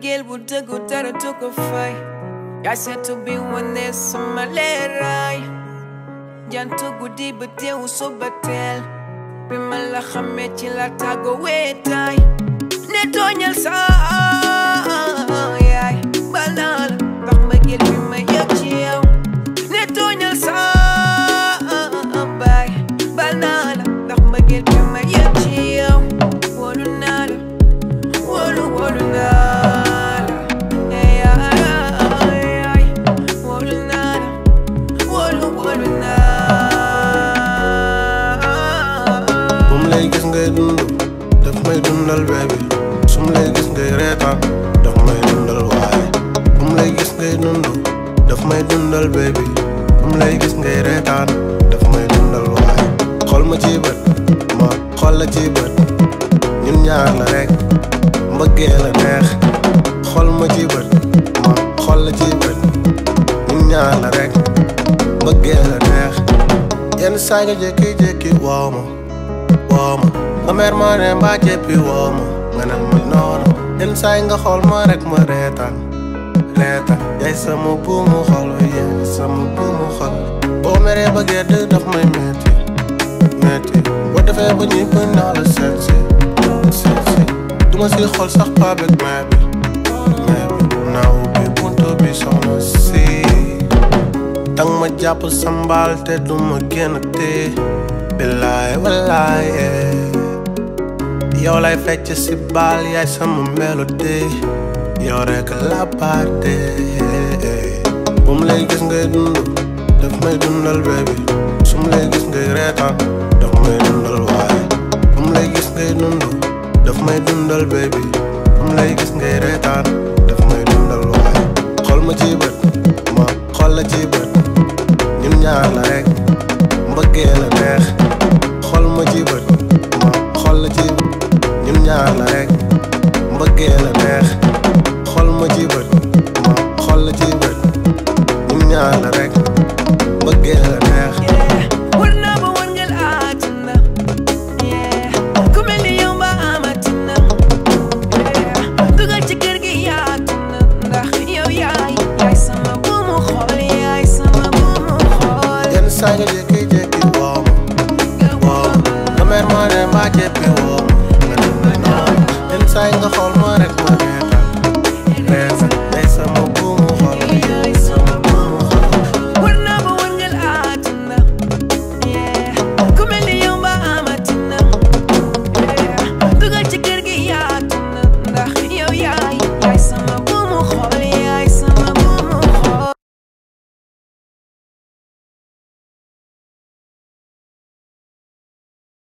매일부터 구타로 두고 fight 야세 to be one 내 말레라이 얀토 구디부터 우소바텔 비말라 하메치라 타고 웨타이 내 돈을 사 ngay may dundal bébé su ma lay gis ngay reetaan daf may dundal waaye bu ma lay gis ngay dund daf may dundal bébé bu ma lay gis ngay reetaan daf may dundal waaye xool ma ci ma xool la ci bët ñun ñaar la rek mbëggee la neex ma ci la ci ñaar la rek yenn saa nga jékki-jékki waaw ma wooma sa mer moo ne mbaa jéppi wooma nga ne ma noonu yenn saay nga xool ma rek ma reetaan reetaan yaay sama buumu xol xol boo meree ba gedd daf may metti metti boo defee ba ñuy bën seet si duma si xol sax paa bég bi may bi naa ubbi buntu bi soxna si dang ma jàpp sa mbaal te duma génn tee Belai, walai, yeah Yo life fece si bali, hai some melody Yo rek la parte, Um, lay gis ngay dund, daf may dundal baby Sum lay gis ngay reetaan, daf me dundal why? Um, lay gis ngay dund, daf may dundal baby Um, lay gis ngay reetaan, make me dundal waaye Xol ma ci ma xol la ci ñaan rek mbëggee la neex xol ma ci bët ma xol la ci bët ñun ñaan rek mbëggee la neex side of the cake. Let's go.